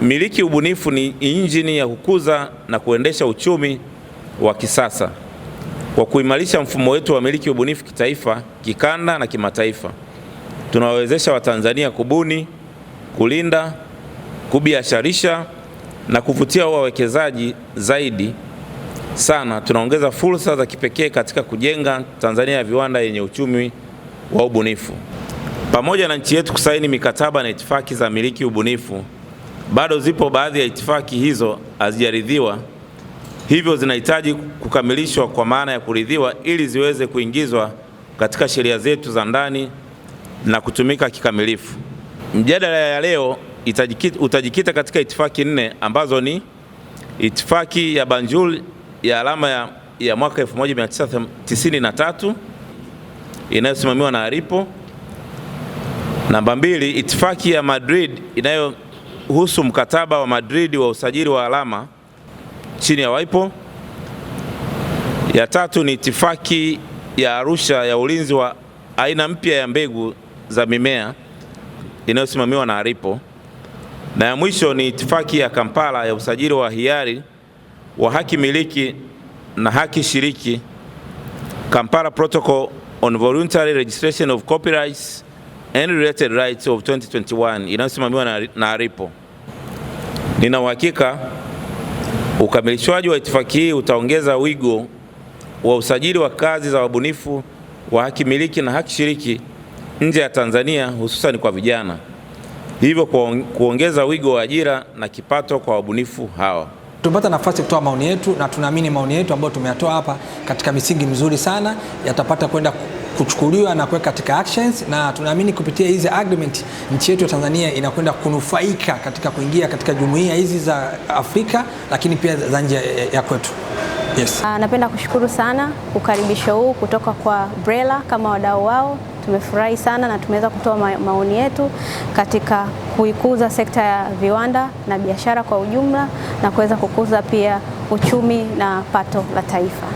Miliki ubunifu ni injini ya kukuza na kuendesha uchumi wa kisasa kwa kuimarisha mfumo wetu wa miliki ubunifu kitaifa, kikanda na kimataifa. Tunawawezesha Watanzania kubuni, kulinda, kubiasharisha na kuvutia wawekezaji zaidi sana. Tunaongeza fursa za kipekee katika kujenga Tanzania ya viwanda yenye uchumi wa ubunifu. Pamoja na nchi yetu kusaini mikataba na itifaki za miliki ubunifu bado zipo baadhi ya itifaki hizo hazijaridhiwa, hivyo zinahitaji kukamilishwa kwa maana ya kuridhiwa, ili ziweze kuingizwa katika sheria zetu za ndani na kutumika kikamilifu. Mjadala ya leo itajikita, utajikita katika itifaki nne ambazo ni itifaki ya Banjul ya alama ya, ya mwaka 1993 inayosimamiwa na Aripo. Namba mbili, itifaki ya Madrid inayo kuhusu mkataba wa Madrid wa usajili wa alama chini ya WIPO. Ya tatu ni itifaki ya Arusha ya ulinzi wa aina mpya ya mbegu za mimea inayosimamiwa na ARIPO, na ya mwisho ni itifaki ya Kampala ya usajili wa hiari wa haki miliki na haki shiriki, Kampala Protocol on Voluntary Registration of Copyrights and related rights of 2021 inayosimamiwa na, na ARIPO. Nina uhakika ukamilishwaji wa itifaki hii utaongeza wigo wa usajili wa kazi za wabunifu wa haki miliki na haki shiriki nje ya Tanzania hususan kwa vijana, hivyo kuongeza wigo wa ajira na kipato kwa wabunifu hawa. Tumepata nafasi kutoa maoni yetu na tunaamini maoni yetu ambayo tumeyatoa hapa katika misingi mizuri sana yatapata kwenda kuchukuliwa na kuweka katika actions, na tunaamini kupitia hizi agreement nchi yetu ya Tanzania inakwenda kunufaika katika kuingia katika jumuiya hizi za Afrika, lakini pia za nje ya kwetu. Yes. Uh, napenda kushukuru sana ukaribisho huu kutoka kwa BRELA kama wadau wao. Tumefurahi sana na tumeweza kutoa ma maoni yetu katika kuikuza sekta ya viwanda na biashara kwa ujumla na kuweza kukuza pia uchumi na pato la taifa.